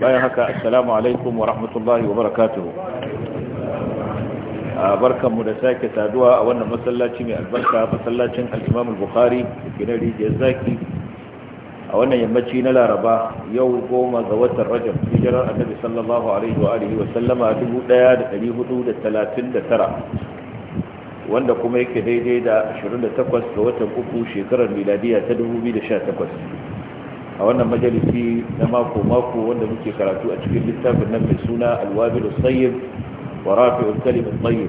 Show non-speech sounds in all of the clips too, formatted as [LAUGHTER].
bayan haka assalamu alaikum wa rahmatullahi wa barakatuhu barkanmu da sake saduwa a wannan masallaci mai albarka masallacin al-Imam al-Bukhari gidan rijiyar zaki a wannan yammaci na Laraba yau goma ga watan Rajab hijirar Annabi sallallahu alaihi wa alihi wa sallama 1439 wanda kuma yake daidai da 28 ga watan uku shekarar miladiya ta 2018 a wannan majalisi na mako-mako wanda muke karatu a cikin littafin nan mai suna alwabil sayyid wa rafi'ul kalimat tayyib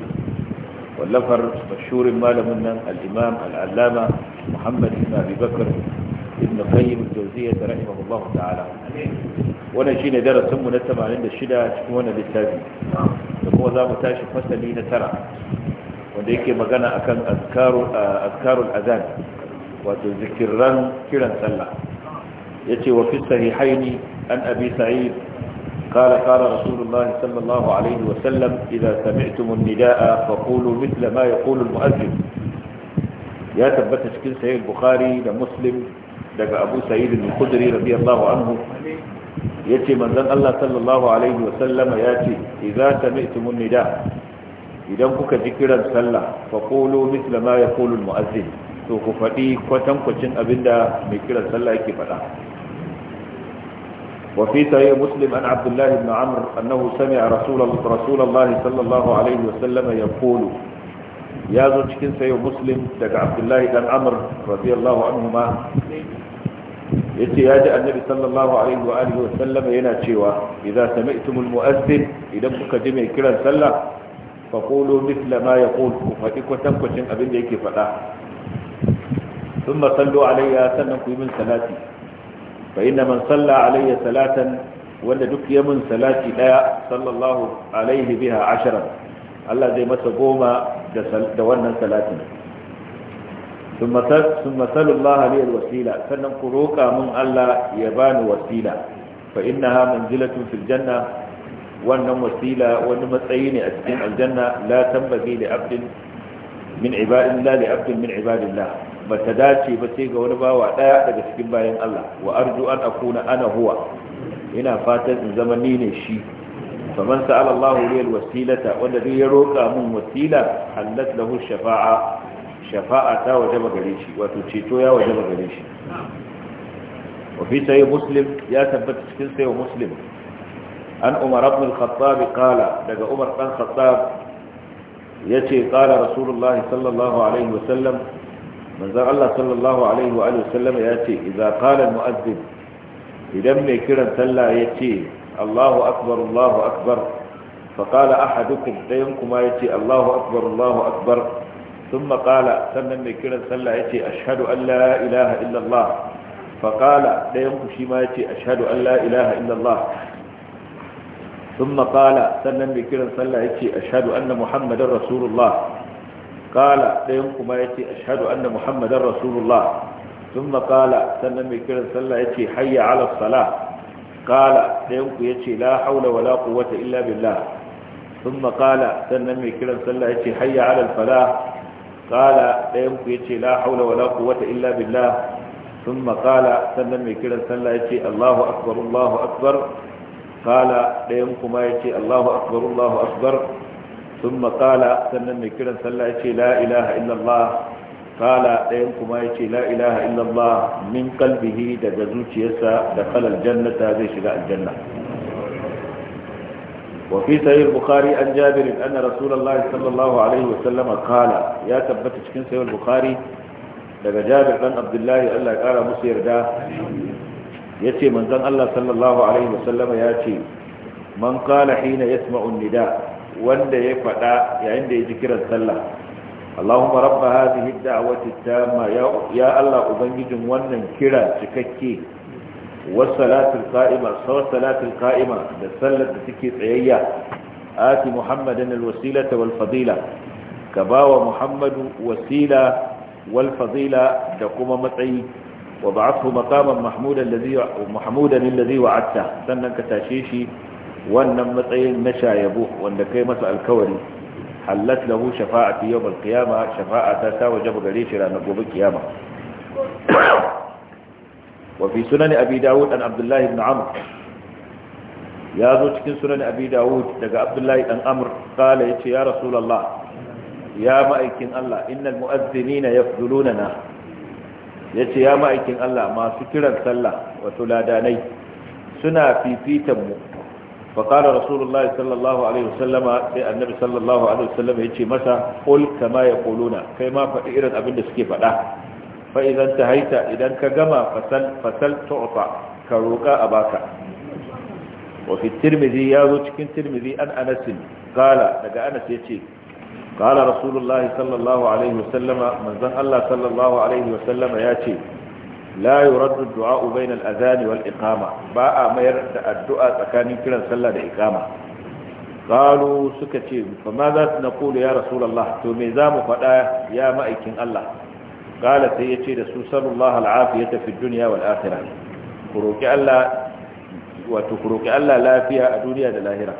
wallafar mashhurin malamin nan al-imam al-allama muhammad ibn abi bakr ibn qayyim al-jawziyyah rahimahullahu ta'ala wannan shine darasin mu na 86 cikin wannan littafi da kuma za mu tashi fasali na tara wanda yake magana akan azkarul azan wato zikirran kiran sallah yace wa fi sahihaini an abi sa'id qala qala rasulullah sallallahu alaihi wa sallam idha sami'tum an-nidaa fa qulu mithla ma yaqulu al ya tabbata cikin sahih al-bukhari da muslim daga abu sa'id al-khudri radiyallahu anhu yace manzon Allah sallallahu alaihi wa sallam yace idha sami'tum an-nidaa idan kuka ji kiran sallah fa qulu mithla ma yaqulu al-mu'adhdhib to ku faɗi kwatankwacin abinda mai kiran sallah yake faɗa وفي صحيح مسلم عن عبد الله بن عمرو أنه سمع رسول رسول الله صلى الله عليه وسلم يقول يا زوجكن سيو مسلم دك عبد الله بن عمرو رضي الله عنهما يتي يا النبي صلى الله عليه وآله وسلم ينا تشيوا إذا سمعتم المؤذن إذا بك جمع كلا سلا فقولوا مثل ما يقول فتك وتنكشن أبن يكي فلا ثم صلوا علي سنة من صلاتي fa inna man salla alayya salatan wanda duk ya mun salati daya sallallahu alaihi biha ashara Allah zai masa goma da wannan salatin sun masalun mahaliyar wasila sannan ku roka mun Allah ya bani wasila fa inna ha manzilatun fil janna wannan wasila wani matsayi ne a cikin aljanna la tambage da abdin min ibadin la da abdin min ibadin la ba ta dace ba sai ga wani bawa ɗaya daga cikin bayan Allah wa arju an akuna ana huwa ina fatan in zama ni ne shi faman sa'ala Allah liyal wasilata wanda duk ya roƙa mun wasila hallat lahu shafa'a shafa'a ta waje gare shi wato ceto ya waje gare shi wa fi sahih muslim ya tabbata cikin sahih muslim an umar ibn al-khattab qala daga umar dan khattab yace qala rasulullah sallallahu alaihi manzon Allah sallallahu alaihi wa alihi ya ce idza qala al-mu'azzin idan mai kiran sallah ya ce Allahu akbar Allahu akbar fa qala dukkan ɗayan kuma ya ce Allahu akbar Allahu akbar sun maƙala sannan mai kiran sallah yace ashhadu an la ilaha illa Allah fa qala dayan ku shi ma yace ashhadu an la ilaha illa Allah ثم قال سنن mai kiran sallah ya ce ashadu anna muhammadin rasulullah kala ɗayan kuma ya ce ashadu anna muhammadan rasulullah sun makala sannan mai kiran sallah ya ce hayya ala sala kala ɗayan ya ce la haula wa la illa billah sun makala sannan mai kiran sallah ya ce hayya ala sala kala ya ce la haula wa la illa billah sun makala sannan mai kiran sallah ya ce allahu akbar allahu akbar kala ɗayan kuma ya ce allahu akbar allahu akbar sun makala sannan mai kiran sallah ya ce la’ilaha illallah kala ɗayan kuma ya ce la’ilaha illallah min kalbihi daga zuciyarsa da falal jannata zai shiga aljanna wafi sayar an jabirin ana rasulallah sallallahu alaihi wasallam kala ya tabbata cikin sayar bukari daga jabir ɗan abdullahi allah ya ƙara musu yarda ya ce manzan allah sallallahu alaihi wasallam ya ce man kala hina yasma'un nida' wanda ya faɗa yayin da ya ji kiran sallah Allahumma rabba hadhihi ad-da'wati tamma ya Allah ubangijin wannan kira cikakke was salatul qa'ima sawa salatul qa'ima da sallar da take tsayayya ati muhammadan al-wasilata wal fadila ka bawa muhammadu wasila wal fadila da kuma matsayi وبعثه مقاما محمودا الذي محمودا sannan ka سنن shi. wannan matsayin na shayabu wanda kai masa alkawari hallat lahu shafa'atu yawmal qiyama shafa'a ta ta wajaba gare shi ranar gobe kiyama Wafi fi sunan abi dawud an abdullahi ibn amr ya zo cikin sunan abi dawud daga abdullahi dan amr kala ce ya rasulullah ya ma'aikin Allah innal mu'azzinina Ya ce ya ma'aikin Allah masu kiran sallah wato ladanai suna fifitan mu فقال رسول الله صلى الله عليه وسلم النبي صلى الله عليه وسلم يجي متى قل كما يقولون كما فإيرا أبن سكي فلا فإذا انتهيت إذا كجما فسل فسل تعطى كروكا أباك وفي الترمذي يا كن ترمذي أن أنس قال لقى أنس يجي قال رسول الله صلى الله عليه وسلم من ذن الله صلى الله عليه وسلم ياتي la yuraddu du'a bayna al-adhan wal iqama ba a mayar da addu'a tsakanin kiran sallah da iqama qalu suka ce fa ma za su naqulu ya rasulullah to me za mu faɗa ya ma'aikin Allah qala sai yace da su sallallahu al-afiyata fi dunya wal akhirah ku roki Allah wato Allah lafiya a duniya da lahira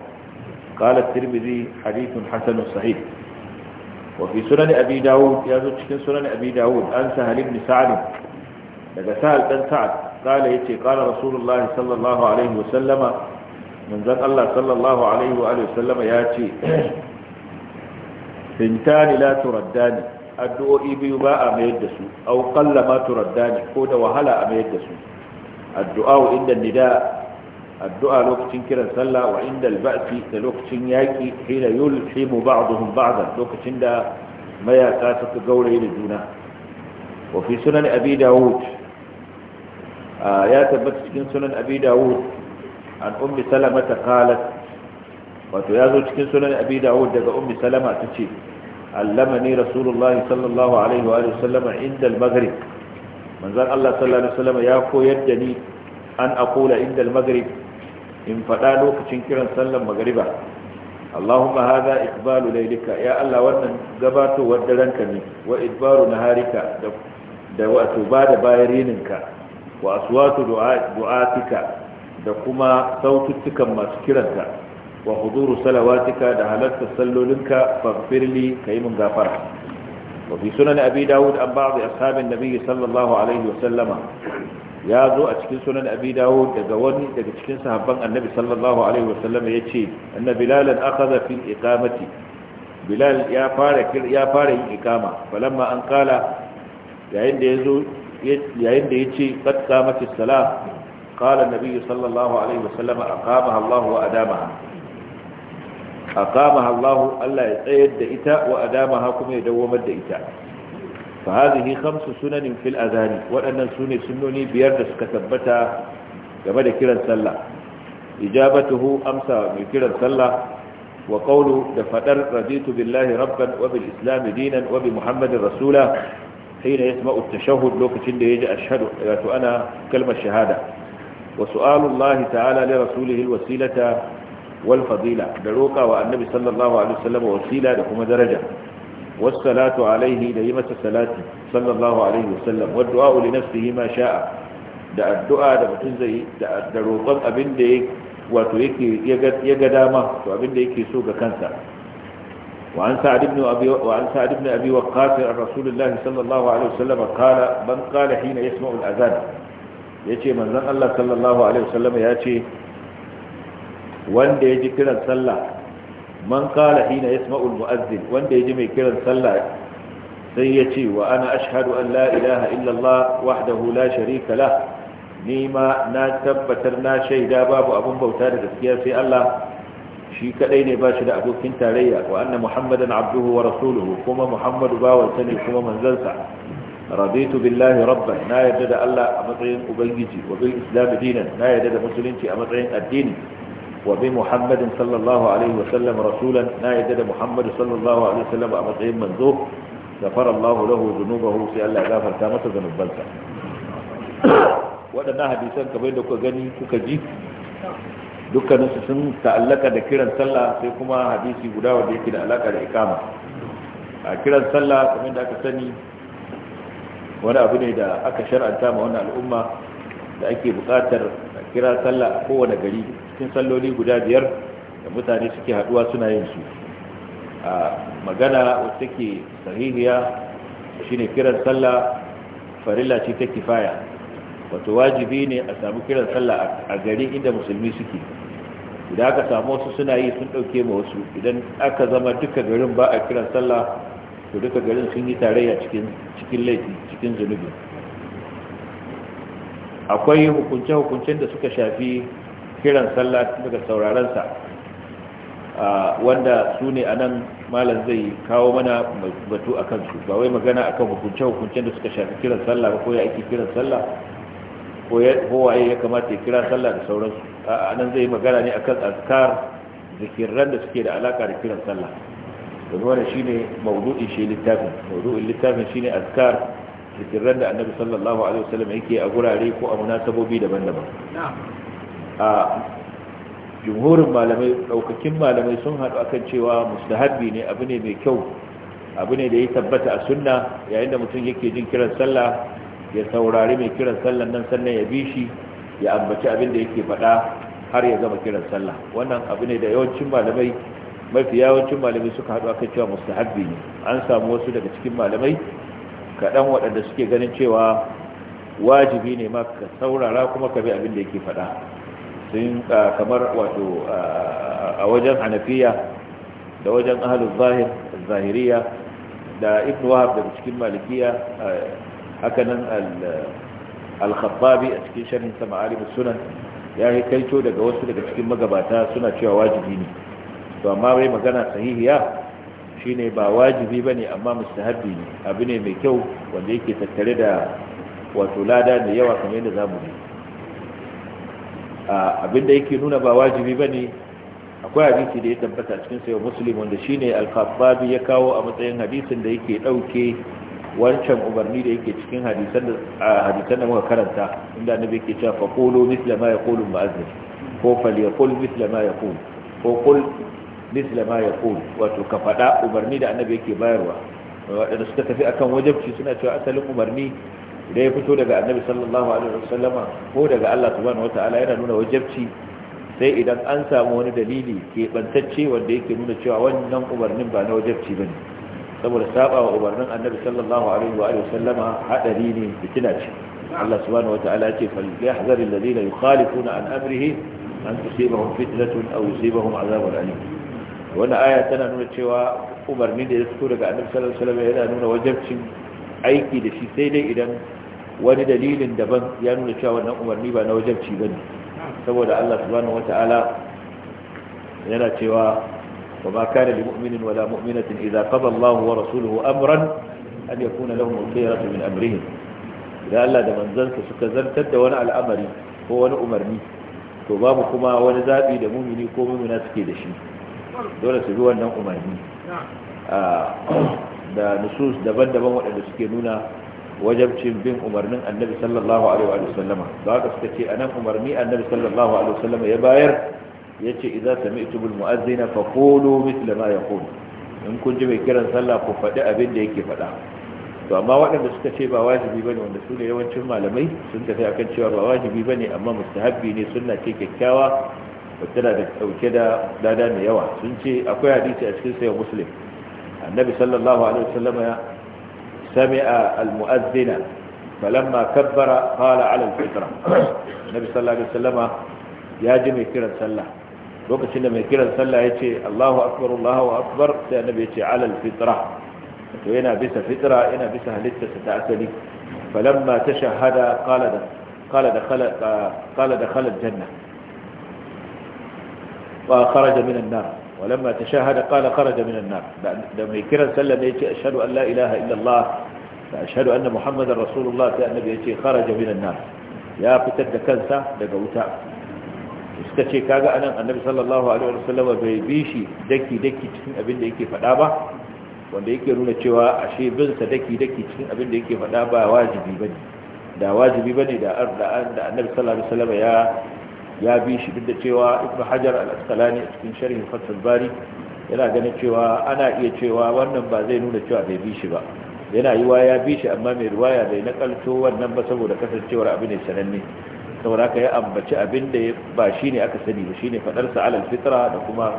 qala at-tirmidhi hadithun hasanun sahih وفي سنن أبي داود يازو تشكن سنن أبي داود أن سهل بن سعد daga sa'al dan sa'ad kala yace kala rasulullahi sallallahu alaihi wa sallama manzon Allah sallallahu alaihi wa alihi sallama yace bintani [CLEARS THROAT] la turaddani addu'o'i biyu ba a mayar da su aw qalla ma turaddani ko da wahala a mayar da su addu'a wa inda nida addu'a lokacin kiran sallah wa inda al-ba'thi da lokacin yaki hina yulhimu ba'dhum ba'dan lokacin da mayaka suka gauraye da juna وفي سنن أبي داود ya tabbata cikin sunan abi dawud an ummi salama ta qalat wato ya zo cikin sunan abi dawud daga ummi salama ta ce allamani rasulullahi sallallahu alaihi wa sallama inda al-maghrib manzon Allah sallallahu alaihi wasallam ya koyar da ni an aqula inda al-maghrib in fada lokacin kiran sallar magriba Allahumma hadha iqbalu laylika ya Allah wannan gabatowar daranka ne wa idbaru naharika da da wato bada bayarininka wa aswatu du'atika da kuma saututtukan masu kiranta wa huduru salawatika da halarta sallolinka faghfirli kai mun gafara wa fi sunan abi dawud an ba'd ashabin nabi sallallahu alaihi wa sallama ya zo a cikin sunan abi dawud daga wani daga cikin sahabban annabi sallallahu alaihi wa sallama yace anna bilal akhadha fi iqamati bilal ya fara ya fara yin iqama falamma an kala yayin da yazo yayin da ya ce qamati salat qala an-nabi sallallahu alaihi wasallam aqamaha Allah wa Allah ya tsayar da ita wa ha kuma ya dawamar da ita fa hadhihi khamsu sunanin fil waɗannan su sune sunoni biyar da suka tabbata game da kiran sallah ijabatuhu amsa mai kiran sallah wa da دفتر رضيت بالله ربا وبالإسلام دينا muhammadin rasula حين يسمع التشهد لو كتند يجي أشهد أنا كلمة شهادة وسؤال الله تعالى لرسوله الوسيلة والفضيلة دروقة والنبي صلى الله عليه وسلم وسيلة لكم درجة والصلاة عليه دائمة الصلاة صلى الله عليه وسلم والدعاء لنفسه ما شاء da addu'a da mutum zai da roƙon abin da wato yake ya ga dama to abin da yake so ga kansa وعن سعد بن ابي وعن سعد بن ابي وقاص رسول الله صلى الله عليه وسلم قال من قال حين يسمع الاذان Allah sallallahu alaihi wasallam ya ce wanda ya ji kiran sallah man kala hina yasma'ul muazzin wanda ya ji mai kiran sallah sai ya ce wa ana an la ilaha illallah wahdahu la sharika lah ni ma na tabbatar na shaida babu abun bauta da gaskiya sai Allah shi kadai ne ba shi da abokin tarayya wa anna muhammadan abduhu wa rasuluhu kuma muhammadu bawansa ne kuma manzansa raditu billahi rabban na yarda da Allah a matsayin ubangiji wa bil islam dinan na yarda da musulunci a matsayin addini wa bi muhammadin sallallahu alaihi wa sallam rasulan na yarda da muhammad sallallahu alaihi wa sallam a matsayin manzo غفر الله له ذنوبه sai Allah ya ta masa zanubansa [COUGHS] waɗannan hadisan kamar da kuka gani kuka ji dukkaninsu sun ta'allaka da kiran sallah sai kuma hadisi guda wanda yake da alaka da ikama a kiran sallah kamar da aka sani wani abu ne da aka shar'anta ma wannan al'umma da ake bukatar kira sallah a kowane gari cikin salloli guda biyar da mutane suke haduwa suna yin su a magana wacce take sahihiya shine kiran sallah farilla ce ta kifaya wato wajibi ne a samu kiran sallah a gari inda musulmi suke idan aka samu wasu suna yi sun ɗauke ma wasu idan aka zama duka garin ba a kiran sallah to duka garin sun yi tarayya cikin laifi cikin zunubi akwai hukunce-hukuncen da suka shafi kiran sallah daga saurarensa wanda su ne a nan malam zai kawo mana batu a kansu ba wai magana akan hukunce-hukuncen da suka shafi kiran sallah ba ko ya ake kiran sallah ko ya kamata ya kira sallah da sauransu a nan zai magana ne akan azkar zikirran da suke da alaka da kiran sallah domin shi ne mawdu'in shi littafin mawdu'in littafin shine azkar zikirran da annabi sallallahu alaihi wasallam yake a gurare ko a munasabobi daban-daban a jumhurin malamai daukakin malamai sun haɗu akan cewa mustahabbi ne abu ne mai kyau abu ne da ya tabbata a sunna yayin da mutum yake jin kiran sallah ya saurari mai kiran sallan nan sannan ya bi shi ya ambaci abin da yake faɗa har ya gama kiran sallah wannan abu ne da yawancin malamai mafi yawancin malamai suka haɗu aka cewa mustahabbi ne an samu wasu daga cikin malamai kaɗan waɗanda suke ganin cewa wajibi ne ma ka saurara kuma ka bi abin da yake faɗa sun kamar wato a wajen hanafiya da wajen ahalul zahiriya da ibn wahab daga cikin malikiya haka nan al a cikin sharhin sa sunan ya yi kaito daga wasu daga cikin magabata suna cewa wajibi ne to amma bai magana sahihiya shine ba wajibi bane amma mustahabi ne abu ne mai kyau wanda yake tattare da wato lada da yawa kamar yadda zamu abin abinda yake nuna ba wajibi bane akwai hadisi da ya tabbata cikin sayo muslim wanda shine al ya kawo a matsayin hadisin da yake dauke wancan umarni da yake cikin hadisan da muka karanta inda annabi yake cewa fa qulu misla ma yaqulu ko falyaqul misla ma yaqul ko qul misla ma yaqul wato ka fada umarni da annabi yake bayarwa wadanda suka tafi akan wajibci suna cewa asalin umarni da ya fito daga annabi sallallahu alaihi wasallama ko daga Allah subhanahu wataala yana nuna wajibci sai idan an samu wani dalili ke bantacce wanda yake nuna cewa wannan umarnin ba na wajibci bane saboda saba wa umarnin annabi sallallahu alaihi wa alihi sallama hadari ne fitina ce Allah subhanahu wataala ya ce fal yahzar alladhina yukhalifuna an amrihi an tusibahum fitnatun aw yusibahum azabun alim wannan aya tana nuna cewa umarni da ya fito daga annabi sallallahu alaihi wasallam yana nuna wajibcin aiki da shi sai dai idan wani dalilin daban ya nuna cewa wannan umarni ba na wajibci bane saboda Allah subhanahu wataala yana cewa وما كان لمؤمن ولا مؤمنة إذا قضى الله ورسوله أمرا أن يكون لهم الخيرة من أمرهم إذا ألا دمن زنك سكزن تد وانا الأمر هو وانا أمرني فبابكما وانا ذابي لمؤمني كومي مناسكي دشي دولة سبوا أنه أمرني da nusus daban-daban waɗanda suke nuna wajabcin bin umarnin annabi sallallahu alaihi wa sallama da haka suka ce anan umarni annabi sallallahu alaihi wa sallama ya bayar ya ce yace idza sami'tumul fa faqulu mithla ya yaqul in kun ji mai kiran sallah ku faɗi abin da yake faɗa to amma waɗanda suka ce ba wajibi ba ne wanda su ne yawancin malamai sun tafi akan cewa ba wajibi ba ne amma habbi ne sunna ce kyakkyawa wacce da ɗauke da dada mai yawa sun ce akwai hadisi a cikin sayan muslim annabi sallallahu alaihi wasallam ya sami'a al-mu'adhdhina falamma kabbara qala ala al-fitra annabi sallallahu alaihi wasallam ya ji mai kiran sallah lokacin da mai kiran sallah ya ce Allahu akbar Allahu akbar sai annabi ya ce alal fitra to yana bisa fitra yana bisa halittarsa ta asali falamma tashahhada da qala dakhala qala dakhala aljanna wa kharaja min ولما تشاهد قال خرج من النار لما يكرر سلم أشهد أن لا إله إلا الله أن محمد رسول الله النبي خرج من النار يا فتد كنسة لقوتا suka ce kaga anan annabi sallallahu alaihi wasallam bai bi shi daki daki cikin abin da yake faɗa ba wanda yake nuna cewa ashe bin sa daki daki cikin abin da yake faɗa ba wajibi bane da wajibi bane da da an annabi sallallahu alaihi wasallam ya ya bi shi duk da cewa ibnu hajar al-asqalani cikin sharhi fathul bari yana ganin cewa ana iya cewa wannan ba zai nuna cewa bai bi shi ba yana yiwa ya bi shi amma mai riwaya bai nakalto wannan ba saboda kasancewar abin ne sananne saboda ka ya ambaci abin da ba shi ne aka sani ba shi ne faɗarsa alal fitra da kuma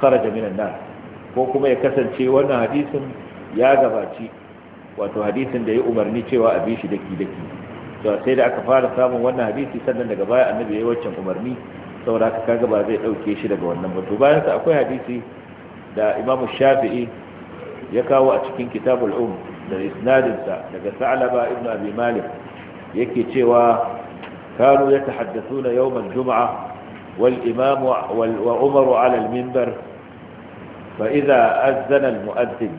kharaja minan nan ko kuma ya kasance wannan hadisin ya gabaci wato hadisin da ya umarni cewa abin shi daki daki to sai da aka fara samun wannan hadisi sannan daga baya annabi ya yi umarni saboda ka kaga ba zai dauke shi daga wannan ba to bayan sa akwai hadisi da Imam Shafi'i ya kawo a cikin Kitabul Um da isnadin sa daga Sa'laba ibnu Abi Malik yake cewa كانوا يتحدثون يوم الجمعة والإمام وعمر على المنبر فإذا أذن المؤذن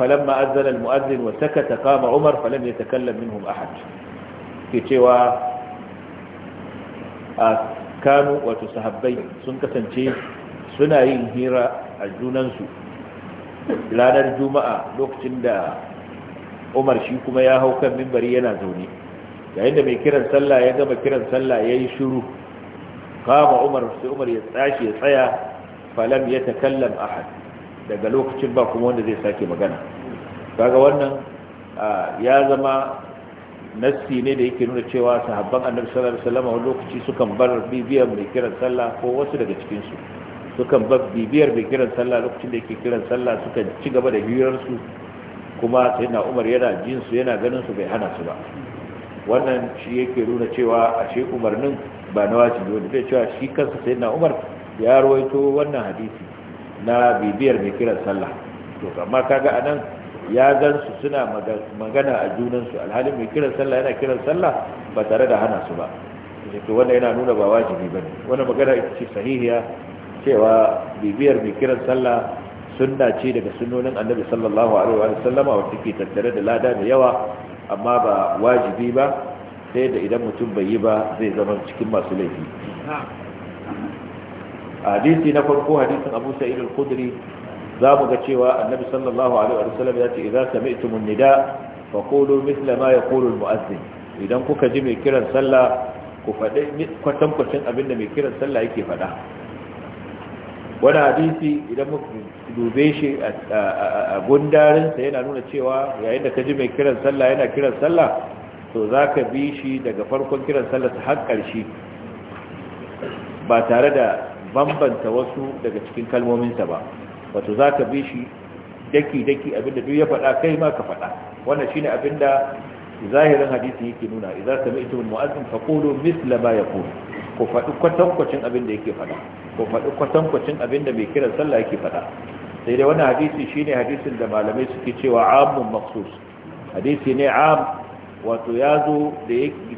فلما أذن المؤذن وسكت قام عمر فلم يتكلم منهم أحد في تيوى كانوا وتسهبين سنكة تيه سنين هيرا الجنانسو لا نرجو معا لوقت عند عمر شيكما ياهو كان منبري ينا زوني yayin da mai kiran sallah ya gama kiran sallah ya yi shiru kama umar sai umar ya tashi ya tsaya falam ya takallam ahad daga lokacin ba kuma wanda zai sake magana kaga wannan ya zama nassi ne da yake nuna cewa sahabban annabi sallallahu alaihi wasallam wani lokaci sukan bar bibiyar mai kiran sallah ko wasu daga cikin su sukan bar bibiyar mai kiran sallah lokacin da yake kiran sallah sukan ci gaba da hirar su kuma sayyidina umar yana jin su yana ganin su bai hana su ba wannan shi yake nuna cewa a shi umarnin ba na wajibi wanda zai cewa shi kansa sai na umar ya rawaito wannan hadisi na bibiyar mai kiran sallah to amma kaga anan ya gan su suna magana a junansu alhalin mai kiran sallah yana kiran sallah ba tare da hana su ba to wannan yana nuna ba wajibi ne wannan magana ita ce sahihiya cewa bibiyar mai kiran sallah sunna ce daga sunonin annabi sallallahu alaihi wa sallama wacce ke tattare da lada da yawa amma ba wajibi ba sai da idan mutum bai yi ba zai zama cikin masu laifi hadisi na farko hadisin abu sa'id al-khudri za mu ga cewa annabi sallallahu alaihi wa sallam ya ce za sami'tum an-nida fa qulu mithla ma yaqulu al idan kuka ji mai kiran sallah ku faɗi kwatankwacin abin da mai kiran sallah yake faɗa wani hadisi idan muka dube shi a gundarinsa yana nuna cewa yayin da ka ji mai kiran sallah yana kiran sallah to za ka bi shi daga farkon kiran sallah ta har ƙarshe ba tare da bambanta wasu daga cikin kalmominsa ba wato za ka bi shi daki-daki abinda duk ya faɗa kai ma ka faɗa wannan shine abinda zahirin hadisi yake nuna idan sami ita mu'azzin faqulu misla ma yaqul ku faɗi kwatankwacin abinda yake faɗa ko faɗi kwatankwacin abin da mai kiran sallah yake faɗa sai dai wani hadisi shine hadisin da malamai suke cewa amun maksus hadisi ne am wato ya zo da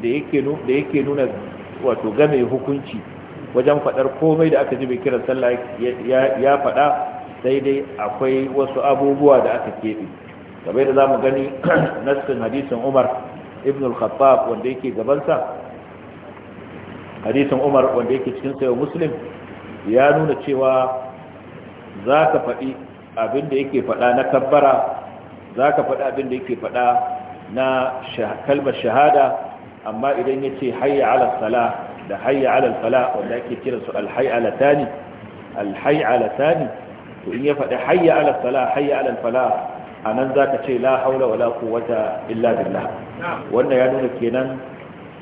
yake nuna wato game hukunci wajen faɗar komai da aka ji mai kiran sallah ya faɗa sai dai akwai wasu abubuwa da aka keɓe kamar yadda za mu gani [CLEARS THROAT] naskin hadisin umar ibn al-khattab wanda yake gabansa hadisin umar wanda yake cikin sayo muslim ya nuna cewa za ka faɗi abin da yake faɗa na kabbara za ka faɗi abin da yake faɗa na kalmar shahada amma idan ya ce hayya ala sala da hayya ala sala, wanda ake kira su alhai ala tani alhai ala tani to in ya faɗi hayya ala sala hayya ala fala a nan za ka ce la haula wa wala quwwata illa billah wannan ya nuna kenan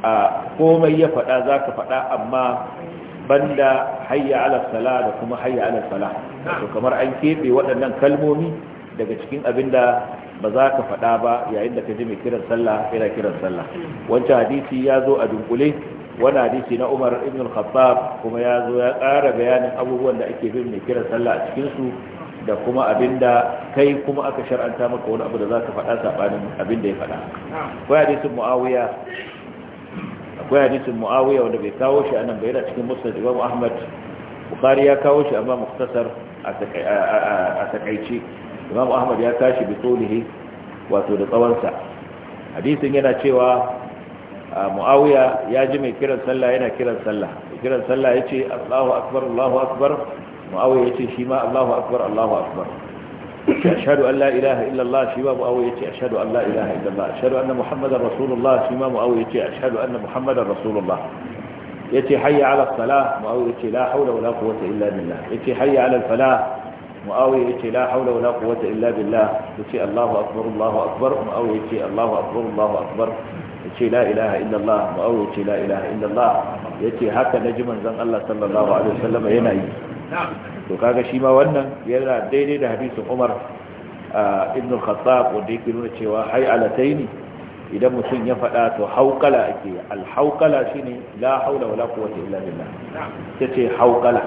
a komai ya faɗa za ka faɗa amma banda hayya ala sala da kuma hayya ala sala to kamar an kebe waɗannan kalmomi daga cikin abinda ba za ka faɗa ba yayin da ka ji mai kiran sallah ina kiran sallah wancan hadisi ya zo a dunkule wani hadisi na umar ibn al-khattab kuma ya zo ya ƙara bayanin abubuwan da ake bin mai kiran sallah a cikinsu da kuma da kai kuma aka shar'anta maka wani abu da za ka faɗa saɓanin abinda ya faɗa ko hadisin muawiya akwai hadisin muawiya wanda bai kawo shi anan bai yana cikin musnad imam ahmad bukhari ya kawo shi amma muktasar a takaice imam ahmad ya tashi bi tsolihi wato da tsawonsa hadisin yana cewa muawiya ya ji mai kiran sallah yana kiran sallah mai kiran sallah ya ce allahu akbar allahu akbar muawiya ya ce shi ma allahu akbar allahu akbar أشهد أن لا إله إلا الله شما مؤويتي أشهد أن لا إله إلا الله أشهد أن محمد رسول الله شما مؤويتي أشهد أن محمد رسول الله يتي حي على الصلاة مؤويتي لا حول ولا قوة إلا بالله يتي حي على الفلاح مؤويتي لا حول ولا قوة إلا بالله يتي الله أكبر الله أكبر مؤويتي الله أكبر الله أكبر يتي لا إله إلا الله مؤويتي لا إله إلا الله يتي هكا نجما زن الله صلى الله عليه وسلم ينعي نعم to kaga shi ma wannan yana daidai da hadisin Umar ibn al-Khattab wanda yake nuna cewa hay alataini idan mutum ya fada to haukala ake alhaukala shine la haula wala quwwata illa billah tace haukala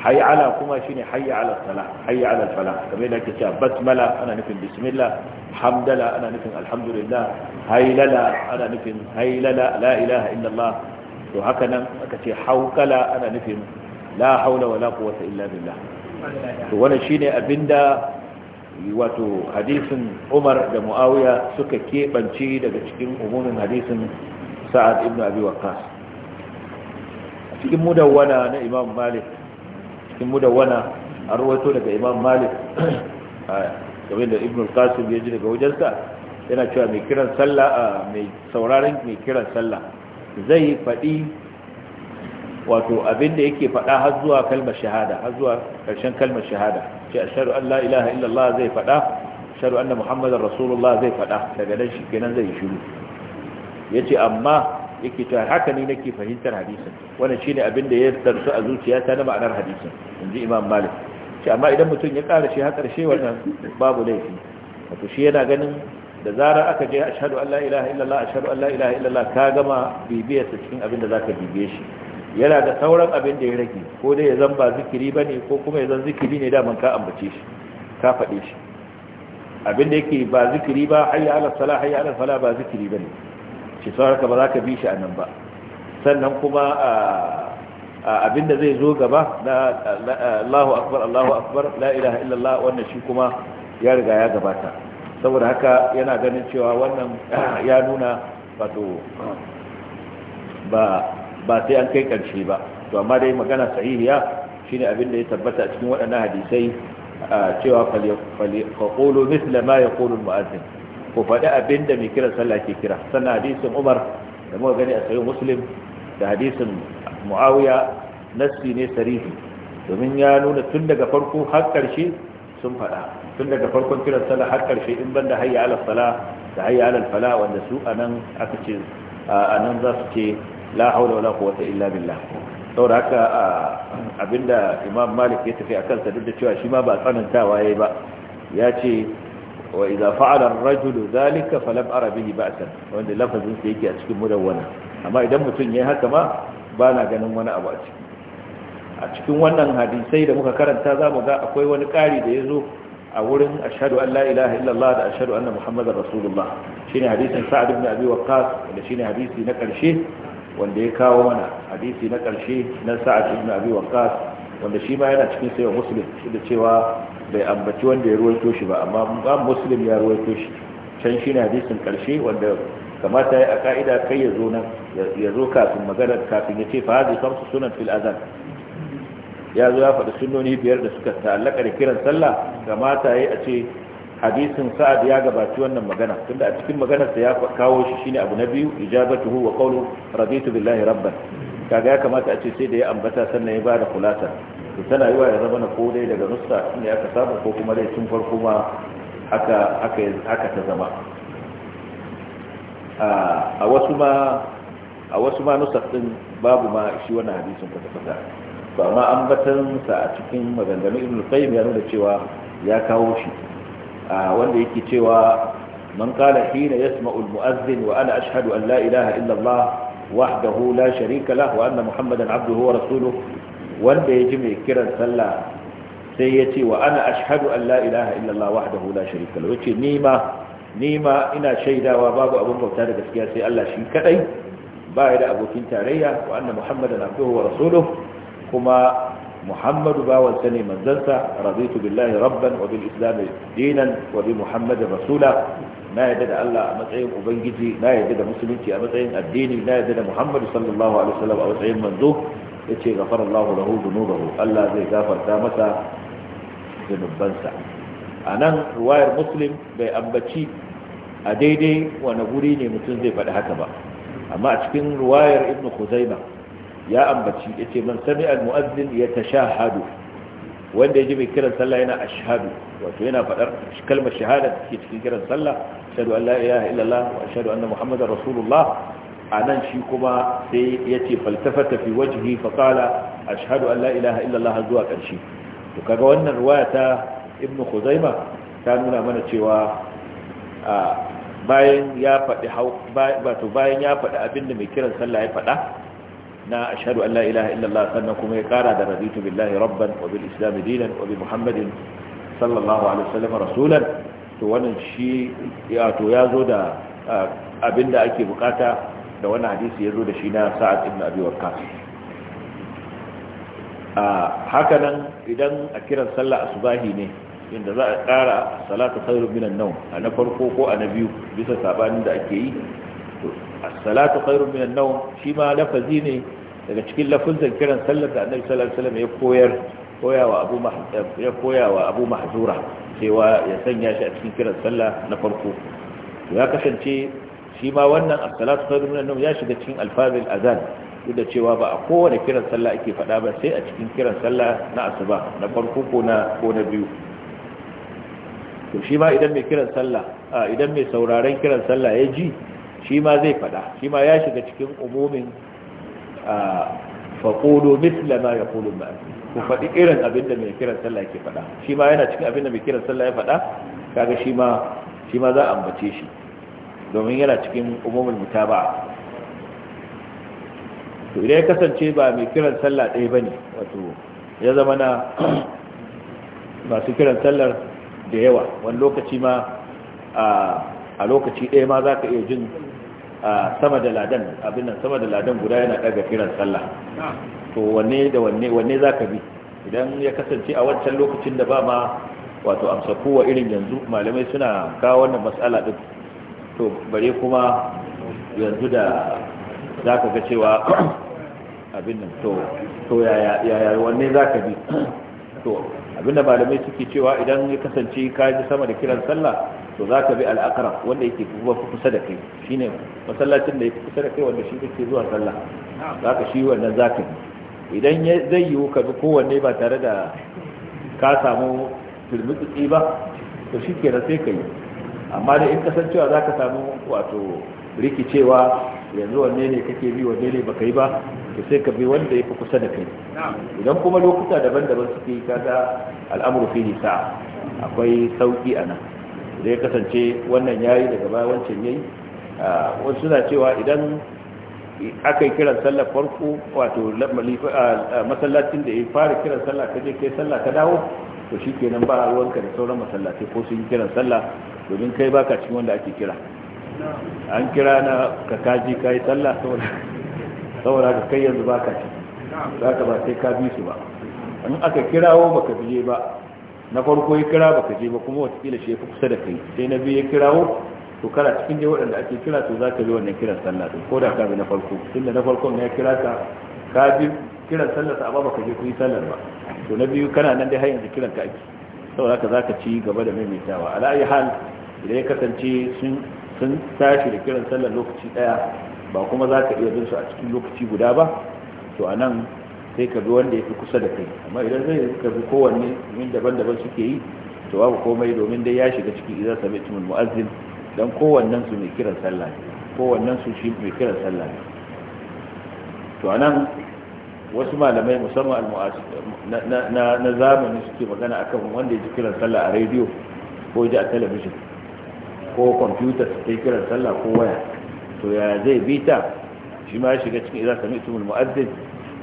hay ala kuma shine hayya ala salah hayya ala falah kamar yadda ake cewa basmala ana nufin bismillah hamdala ana nufin alhamdulillah haylala ana nufin haylala la ilaha illallah to haka nan aka ce haukala ana nufin la haula wala quwwata illa billah to wannan shine abinda wato hadisin Umar da Muawiya suka kebance daga cikin umumin hadisin Sa'ad ibn Abi Waqqas cikin mudawwana na Imam Malik cikin mudawwana an rawaito daga Imam Malik kamar [CLEARS THROAT] da Ibn al-Qasim ya ji daga wajensa yana cewa mai kiran sallah mai sauraron mai kiran sallah zai faɗi wato abinda yake faɗa har zuwa kalmar shahada har zuwa ƙarshen kalmar shahada ce ashhadu an la ilaha illallah zai faɗa ashhadu anna muhammadar rasulullah zai faɗa daga nan shikenan zai shiru yace amma yake cewa haka ne nake fahimtar hadisin wannan shine abin da ya darsu a zuciyata na ma'anar hadisin inji imam malik shi amma idan mutum ya ƙara shi har shi wannan babu laifi wato shi yana ganin da zarar aka je ashadu an la ilaha illallah ashadu an la ilaha illallah ka gama bibiyar sa cikin abin da zaka bibiye shi yana da sauran abin da ya rage ko dai ya zan ba zikiri ba ne ko kuma ya zan zikiri ne daman ka ambace shi ka faɗe shi abin da yake ba zikiri ba hayya ala sala hayya ala sala ba zikiri ba ne shi sauraka ba za ka bi shi a nan ba sannan kuma abin da zai zo gaba na Allahu akbar Allahu akbar la ilaha illallah wannan shi kuma ya riga ya gabata saboda haka yana ganin cewa wannan ya nuna wato ba ba sai an kai karshe ba to amma dai magana sahihiya shine abin da ya tabbata a cikin waɗannan hadisai cewa faƙolo misla ma ya ƙolun mu'azzin faɗi abin da mai kiran sallah ke kira sannan hadisin umar da muka gani a sayi muslim da hadisin mu'awiya nassi ne sarihi domin ya nuna tun daga farko har karshe sun faɗa tun daga farkon kiran sallah har karshe in ban da hayya ala sala da hayya ala fala wanda su anan aka ce anan za su ce la haula wala quwwata illa billah saboda haka abinda imam malik ya tafi akan sa duk da cewa shi ma ba tsanantawa yayi ba ya ce wa idza fa'ala ar-rajulu dhalika falam ara bihi ba'san wanda lafazin sa yake a cikin mudawwana amma idan mutum yayi haka ma ba na ganin wani abu a ciki a cikin wannan hadisai da muka karanta za ga akwai wani kari da ya zo a wurin ashadu an la'ilaha illallah da ashadu anna muhammadar rasulullah shi hadisin sa'ad ibn abi waqqas da shine hadisi na karshe. wanda ya kawo mana hadisi na ƙarshe na sa'ad ibn abi waqqas wanda shi ma yana cikin sayyid muslim da cewa bai ambaci wanda ya ruwaito shi ba amma ba muslim ya ruwaito shi can shi ne hadisin ƙarshe wanda kamata ya a ka'ida kai ya zo nan ya zo kafin magana kafin ya ce fa hadisi kamsu sunan fil azan ya zo ya faɗi sunnoni biyar da suka ta'allaka da kiran sallah kamata ya a ce hadisin sa'ad ya gabaci wannan magana tunda a cikin maganarsa ya kawo shi shine abu na biyu ijabatuhu wa qawlu raditu billahi rabban kaga ya kamata a ce sai da ya ambata sannan ya bada kulata to tana yiwa ya zama na ko dai daga nusta inda aka saba ko kuma dai tun farko ma aka aka aka ta zama a wasu ma a wasu ma nusar din babu ma shi wannan hadisin kwata-kwata ba ma ambatansa a cikin maganganun ibn qayyim ya nuna cewa ya kawo shi wanda yake cewa man qala hina yasma'u al-mu'adhdhin wa ana ashhadu an la ilaha illa Allah wahdahu la sharika lahu wa anna muhammadan abduhu wa rasuluhu wanda yaji mai kiran sallah sai ya ce wa ana ashhadu an la ilaha illa Allah wahdahu la sharika lahu yace ni ma ni ma ina shaidawa babu abin bauta da gaskiya sai Allah shi kadai ba ya da abokin tarayya wa anna muhammadan abduhu wa rasuluhu kuma muhammadu bawan sani manzansa radiyatu billahi rabban wa bil islam dinan wa bi muhammadin rasula na yadda da Allah a matsayin ubangiji na yadda da musulunci a matsayin addini na yadda da muhammadu sallallahu alaihi wasallam a matsayin manzo yace ghafarallahu lahu dhunubahu Allah zai gafarta masa dhunubansa anan ruwayar muslim bai ambaci a daidai wani guri ne mutum zai faɗi haka ba amma a cikin ruwayar ibnu khuzaimah ya ambaci ya ce man sami al-mu'azzin yatashahadu wanda ya ji mai kiran sallah yana ashhadu wato yana faɗar kalmar shahada ke cikin kiran sallah ashhadu an la ilaha illallah wa ashhadu anna muhammadar rasulullah nan shi kuma sai yace faltafata fi wajhi wajihi faƙala, ashhadu an la ilaha illallah zuwa ƙarshe. to kaga wannan riwaya ta ibnu khuzaima ta nuna mana cewa bayan ya faɗi bayan ya faɗi abinda mai kiran sallah ya faɗa na ashhadu an la illallah sannan kuma ya kara da raditu billahi rabban wa bil islam dinan wa bi muhammadin sallallahu alaihi wasallam rasulan to wannan shi ya to ya zo da abinda ake bukata da wannan hadisi ya zo da shi na sa'ad ibn abi waqqas haka nan idan a kiran sallah asubahi ne inda za a kara salatu khairu minan nawm a na farko ko a na biyu bisa sabanin da ake yi as-salatu khairun minan nawm shi ma lafazi ne daga cikin lafazin kiran sallar da annabi sallallahu alaihi wasallam ya koyar koyawa abu ya koyawa abu mahzura cewa ya sanya shi a cikin kiran sallah na farko to ya kasance shi ma wannan as-salatu khairun minan nawm ya shiga cikin alfazil azan duk da cewa ba a kowane kiran sallah ake faɗa ba sai a cikin kiran sallah na asuba na farko ko na ko na biyu to shi ma idan mai kiran sallah idan mai sauraron kiran sallah ya ji shi ma zai faɗa shi ma ya shiga cikin umumin faƙodo misla ma ya ƙulun ba ku faɗi irin abin da mai kiran sallah ke faɗa shi ma yana cikin abin da mai kiran sallah ya faɗa kaga shi ma shi ma za a ambace shi domin yana cikin umumin ba to idan ya kasance ba mai kiran sallah ɗaya ba ne wato ya zama na masu kiran sallar da yawa wani lokaci ma a a lokaci ɗaya ma za ka iya jin sama da ladan abin nan sama da ladan guda yana ɗaga kiran sallah to wanne da wanne wanne za ka bi idan ya kasance a wancan lokacin da ba ma wato amsa kowa irin yanzu malamai suna kawo wannan matsala ɗin to bare kuma yanzu da za ka ga cewa [CLEARS THROAT] abin nan to to yaya wanne za ka bi [CLEARS THROAT] to abinda malamai suke cewa idan ya kasance ka ji sama da kiran sallah to za ka bi al'akara wanda yake kuma kusa da kai shi ne masallacin da yake kusa da kai wanda shi kake zuwa sallah za ka shi wannan za ka idan zai yiwu ka bi kowanne ba tare da ka samu turmutsi ba to shi kenan sai ka yi amma da in kasancewa za ka samu wato rikicewa yanzu wanne ne kake bi wanne ne baka yi ba to sai ka bi wanda yafi kusa da kai idan kuma lokuta daban-daban suke kaga al'amuru fi nisa akwai sauki a nan da ya kasance wannan yayi daga wancan yayi wasu suna cewa idan aka yi kiran sallar farko wato masallacin da ya fara kiran sallar ka je kai sallar ka dawo to shi kenan ba a ruwanka da sauran masallacin ko sun yi kiran sallar domin kai ba ka cikin wanda ake kira an kira na ka kaji ka yi sallar saboda ka kai yanzu ka ci za ka ba sai ka bi su ba in aka kirawo ba ka biye ba na farko ya kira ba ka je ba kuma watakila shi ya fi kusa da kai sai na biyu ya kirawo to kana cikin dai waɗanda ake kira to za ka bi wannan kiran sallah din ko da ka bi na farko tunda na farkon ne ya kira ka ka bi kiran sallar sa amma baka je ku yi sallar ba to na biyu kana nan dai har yanzu kiran ka ake saboda ka zaka ci gaba da maimaitawa ala ayi hal idan ya kasance sun sun tashi da kiran sallah lokaci daya ba kuma za ka iya bin su a cikin lokaci guda ba to a nan. sai ka bi wanda ya fi kusa da kai amma idan zai ka bi kowanne min daban-daban suke yi to babu komai domin dai ya shiga ciki idan sami tumul mu'azzin dan kowannen su mai kiran sallah ne kowannen su shi mai kiran sallah ne to anan wasu malamai musamman na zamani suke magana akan wanda ya ji kiran sallah a rediyo ko ji a talabijin ko kwamfuta su kai kiran sallah ko waya to ya zai bi ta shi ma ya shiga cikin idan sami tumul mu'azzin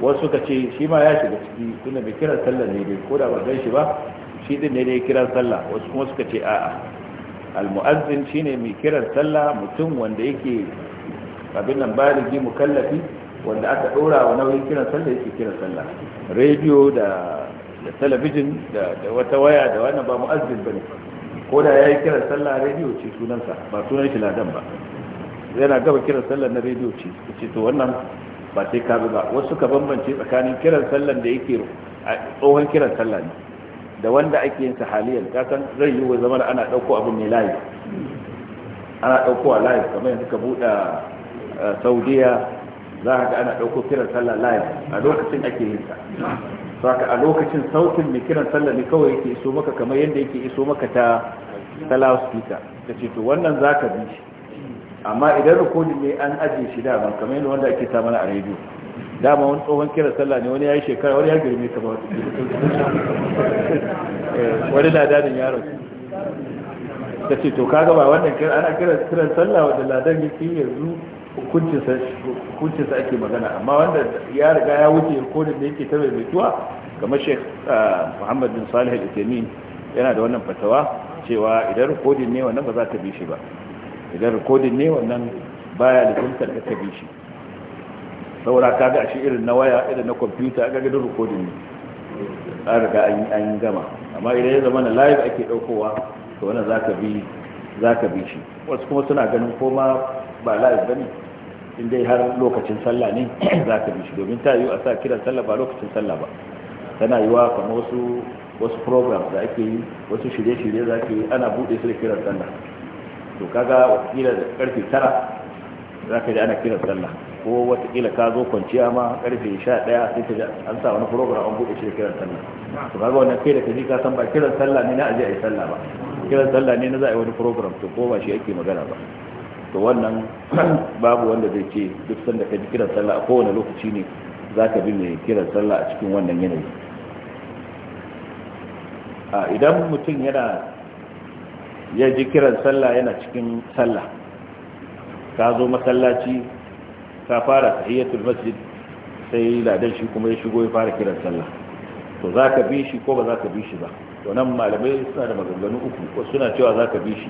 wasu ka ce shi ma ya shiga ciki tunda mai kiran sallah ne dai ko da ba gan shi ba shi din ne dai kiran sallah wasu kuma suka ce a'a al-mu'azizan almu'azzin shine mai kiran sallah mutum wanda yake abin nan baligi mukallafi wanda aka dora wa nauyin kiran sallah yake kiran sallah rediyo da da talabijin da da wata waya da wannan ba mu'azzin bane ko da yayi kiran sallah rediyo ce sunansa ba sunan shi ladan ba yana gaba kiran sallah na rediyo ce ce to wannan ba sai ka ba wasu ka bambance tsakanin kiran sallan da yake tsohon kiran sallan ne da wanda ake yin sahaliyar ka san zai yi wa zama ana ɗauko abin ne layi ana ɗauko a layi kamar yanzu ka buɗe saudiya za ka ana ɗauko kiran sallah layi a lokacin ake yin sa saka a lokacin sautin mai kiran sallah ne kawai yake iso maka kamar yadda yake iso maka ta ta loudspeaker ta ce to wannan za ka bi shi amma idan rukuni ne an ajiye shi dama kamar yadda wanda ake mana a rediyo dama wani tsohon kira sallah ne wani ya yi shekara wani ya girme kama wata eh, wani ladanin yaron ta ce to kaga ba wannan kira ana kira kiran sallah wanda ladan yake yanzu hukuncinsa ake magana amma wanda ya riga ya wuce rukunin da yake ta maimaituwa kamar sheikh ah, muhammad bin salih al-itamin yana da wannan fatawa cewa idan rukunin ne wannan ba za ta bi shi ba idan rikodin ne wannan baya likuntar da bi shi saura ka ga shi irin na waya irin na kwamfuta ga gidan rikodin ne a riga an gama amma idan ya zama na live ake daukowa to wannan zaka bi bi shi wasu kuma suna ganin ko ma ba live bane in dai har lokacin sallah ne [CLEARS THROAT] zaka bi shi domin ta yi a sa kiran sallah ba lokacin sallah ba tana yi wa kamar wasu wasu program da ake yi wasu shirye-shirye za ka yi ana buɗe su da kiran sallah to kaga wakila da karfe tara za ka ji ana kiran sallah ko watakila ka zo kwanciya ma karfe sha daya sai ka ji an sa wani program an buɗe shi kira kiran sallah to kaga wannan kai da ka ji ka san ba kira sallah ne na aje a yi sallah ba kira sallah ne na za a yi wani program to ko ba shi ake magana ba to wannan [CLEARS THROAT] babu wanda zai ce duk sanda ka ji kiran sallah a kowane lokaci ne za ka bi mai kiran sallah a cikin wannan yanayi idan mutum yana ya ji kiran sallah yana cikin sallah ka zo masallaci ka fara tahiyatul masjid sai ladan shi kuma ya shigo ya fara kiran sallah to za ka bi shi ko ba za ka bi shi ba to nan malamai suna da maganganu uku wasu suna cewa za ka bi shi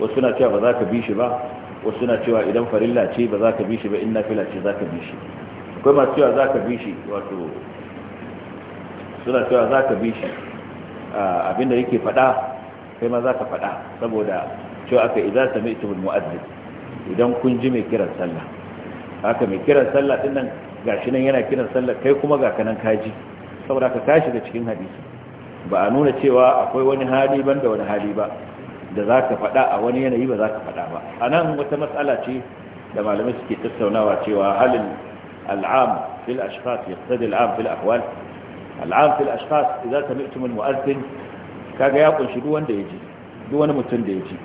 ko suna cewa ba za ka bi shi ba ko suna cewa idan farilla ce ba za ka bi shi ba in nafila ce za ka bi shi akwai masu cewa za ka bi shi wato suna cewa za ka bi shi ah, abinda yake faɗa kai ma za ka faɗa saboda cewa aka idan sami ita mu'azzin idan kun ji mai kiran sallah haka mai kiran sallah din nan shi nan yana kiran sallah kai kuma ga kanan kaji saboda ka tashi da cikin hadisi ba a nuna cewa akwai wani hali ban da wani hali ba da za ka faɗa a wani yanayi ba za ka faɗa ba a nan wata matsala ce da malamai suke tattaunawa cewa halin al'am fil ashkhas yaqtadi al'am fil ahwal al'am fil ashkhas idan sami'tum al-mu'adhdhin kaga ya kunshi duk wanda ya ji duk wani mutum da ya ji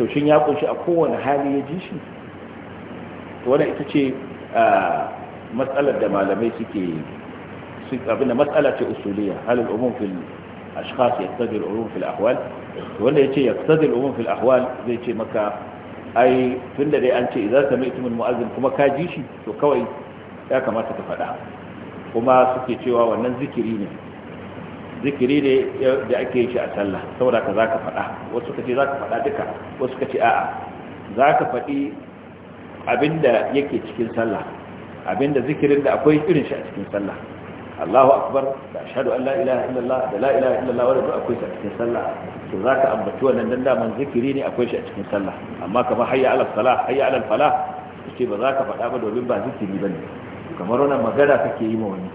to shin ya kunshi a kowane hali ya ji shi to wannan ita ce matsalar da malamai suke abin da matsala ce usuliya halin umum fil ashkhas yaqtadi al umum fil ahwal wanda yace yaqtadi al umum fil ahwal zai ce maka ai tunda dai an ce idan sami'tum al mu'azzin kuma ka ji shi to kawai ya kamata ka faɗa kuma suke cewa wannan zikiri ne zikiri ne da ake yin shi a sallah saboda ka zaka faɗa wasu ka ce za ka faɗa duka wasu ka ce a'a za ka faɗi abinda yake cikin sallah abinda zikirin da akwai irin shi a cikin sallah Allahu akbar da ashhadu allah ilaha illallah da la ilaha illallah wanda akwai shi a cikin sallah to ka ambaci wannan dan daman zikiri ne akwai shi a cikin sallah amma kamar hayya ala salah hayya ala falah ce ba za ka faɗa ba domin ba zikiri ba ne kamar wannan magana kake yi ma wani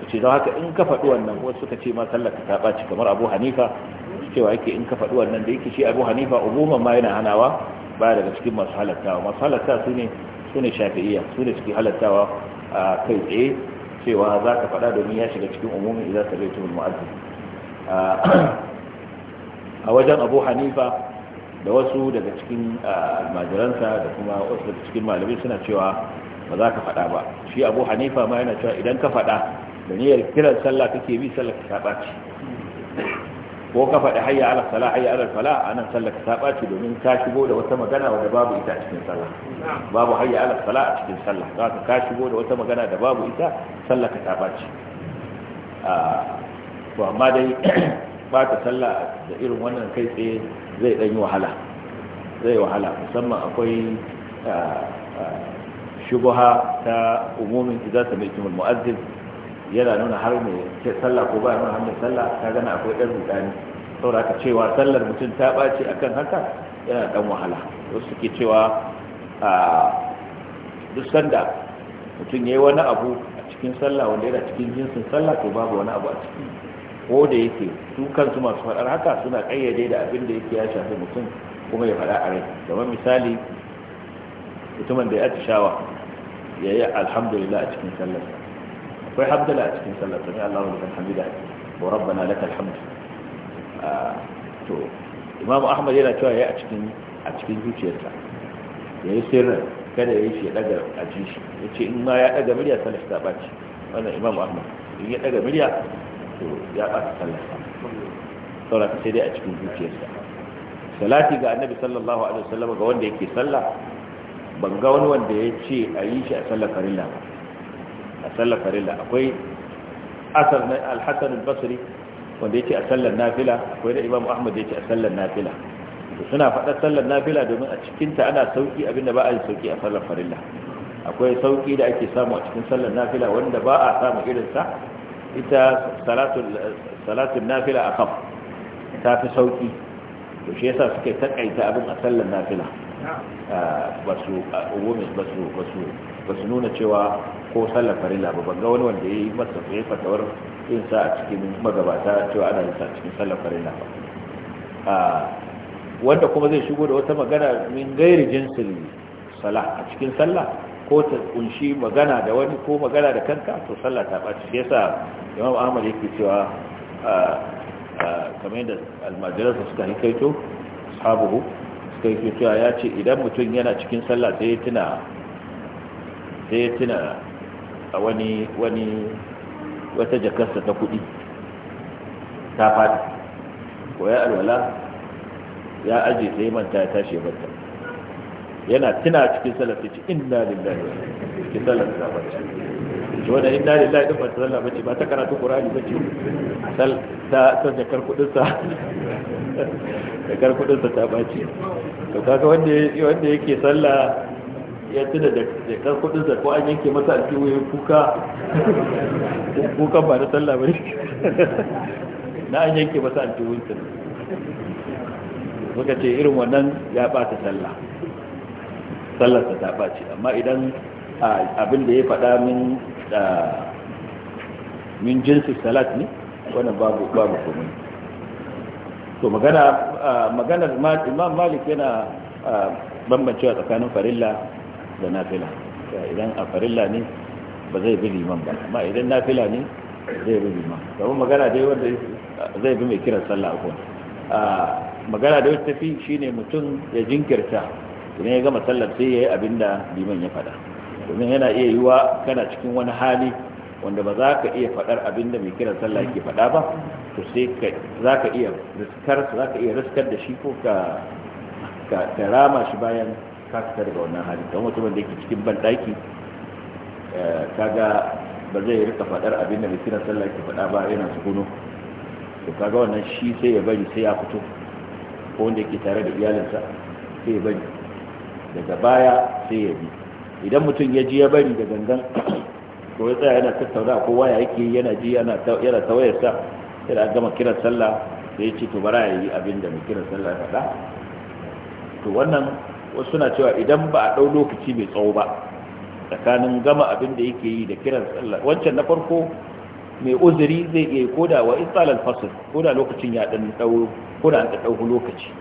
ka ce don haka in ka faɗi wannan wasu suka ce ma sallar ta ɓaci kamar abu hanifa cewa yake in ka faɗi wannan da yake shi abu hanifa umuman ma yana hanawa ba daga cikin masu halattawa masu halatta su ne su ne shafi'iyya su ne suke halattawa a kai tsaye cewa za ka faɗa domin ya shiga cikin umumi idan ka zai mu'azzin a wajen abu hanifa da wasu daga cikin almajiransa da kuma wasu daga cikin malamai suna cewa ba za ka faɗa ba shi abu hanifa ma yana cewa idan ka faɗa da niyyar kiran sallah take bi sallah ka saba ce ko ka faɗi hayya ala sala hayya ala sala anan sallah ka saba ce domin ka shigo da wata magana wadda babu ita a cikin sallah babu hayya ala sala a cikin sallah za ka ka shigo da wata magana da babu ita sallah ka saba ce to amma dai ba [CLEARS THROAT] sallah da irin wannan kai tsaye zai ɗan yi wahala zai wahala musamman akwai shubuha ta umumin idan mai kimul mu'azzin yana nuna har mai sallah ko ba nuna har mai sallah Ta gana akwai ɗan rudani saboda haka cewa sallar mutum ta ɓaci akan haka yana ɗan wahala wasu suke cewa a duk sanda mutum ya yi wani abu a cikin sallah wanda yana cikin jinsin sallah to babu wani abu a ciki ko da yake su kansu masu faɗar haka suna ƙayyade da abin da yake ya shafi mutum kuma ya faɗa a rai kamar misali mutumin da ya shawa ya yi alhamdulillah a cikin sallarsa akwai hamdala a cikin sallar sami Allahu liman hamida wa rabbana lakal hamd ah, to Imam Ahmad yana cewa yayi a cikin a cikin zuciyarsa yayi sirrin kada yayi shi daga aji shi yace in ma ya daga murya sallar ta baci wannan Imam Ahmad in ya daga miliya to ya ba sallar sa saboda sai dai a cikin zuciyarsa salati ga annabi sallallahu alaihi wasallam ga wanda yake sallah ban ga wani wanda ya ce a yi shi a sallar farilla ba a sallar farilla akwai asar na al basri wanda yake a sallar nafila akwai da imam ahmad yake a sallar nafila suna faɗar sallar nafila domin a cikinta ana sauki abinda ba a yi sauki a sallar farilla akwai sauki da ake samu a cikin sallar nafila wanda ba a samu irin sa ita salatul nafila nafila akhaf ta fi sauki to shi yasa suke takaita abin a sallar nafila ba su nuna cewa ko sallar farilla ba ban ga wani wanda ya yi masa tsaye fatawar yin sa a cikin magabata cewa ana yin sa cikin sallar farilla ba wanda kuma zai shigo da wata magana min gairi jinsin sala a cikin sallah ko ta kunshi magana da wani ko magana da kanka to sallah ta ɓaci shi yasa imam ahmad yake cewa kamar yadda almajiransa suka yi kaito ashabuhu suka yi cewa ya ce idan mutum yana cikin sallah sai ya tuna sai ya tuna a wani wani wata jakarsa ta kudi ta fada ko ya alwala ya aje sai manta ya tashi manta yana tuna cikin sallah sai ce inna lillahi cikin inna ta raji'un wanda in dare lai din bata sallah bace ba ta karatu qur'ani bace sal ta ta jakar kudin sa [LAUGHS] jakar kudin sa ta bace to kaga wanda wanda yake sallah ya tuna da jakar kudin sa ko an yanke masa alkiwo ya kuka [LAUGHS] kuka ba da sallah bane [LAUGHS] na an yanke masa alkiwo tun muka ce irin wannan ya bata sallah sallar ta bace amma idan abin da ya faɗa min min jinsi salat ne wannan babu babu komai to magana maganar imam malik yana bambancewa tsakanin farilla da nafila idan a farilla ne ba zai bi liman ba amma idan nafila ne zai bi liman domin magana dai wanda zai bi mai kiran sallah a magana da wata tafi shine mutum ya jinkirta idan ya gama sallar sai ya yi liman ya faɗa domin yana iya yiwa kana cikin wani hali wanda ba za ka iya faɗar abin da mai kiran sallah yake faɗa ba to sai za ka iya riskar za ka iya riskar da shi ko ka ka rama shi bayan ka fita daga wannan hali don mutumin da yake cikin banɗaki eh, kaga ba zai rika faɗar abin da mai kiran sallah yake faɗa ba yana sukuno to kaga wannan shi sai ya bari sai ya fito ko wanda yake tare da iyalinsa sai ya bari daga baya sai ya bi idan mutum ya ji ya bari da gangan ko ya tsaya yana tattauna kowa ya yake yana ji yana tawayarsa yana gama kiran sallah sai ya ce to bara ya yi abin da mai kiran sallah ya faɗa to wannan wasu suna cewa idan ba a ɗau lokaci mai tsawo ba tsakanin gama abin da yake yi da kiran sallah wancan na farko mai uzuri zai iya koda wa al fasl koda lokacin ya dan dauro koda an dauro lokaci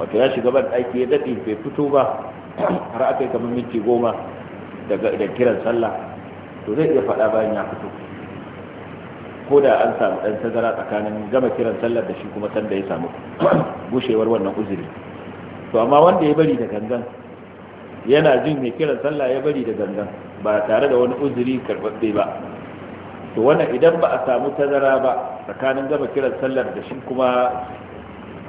wato ya shiga ban aiki ya dade bai fito ba har aka yi kamar minti goma da kiran sallah to zai iya faɗa bayan ya fito ko da an samu ɗan tazara tsakanin gama kiran sallar da shi kuma sanda ya samu [CLEARS THROAT] gushewar wannan uzuri to amma wanda ya bari da gangan yana jin mai kiran sallah ya bari da gangan ba tare da wani uzuri karɓaɓɓe ba to wannan idan ba a samu tazara ba tsakanin gama kiran sallar da shi kuma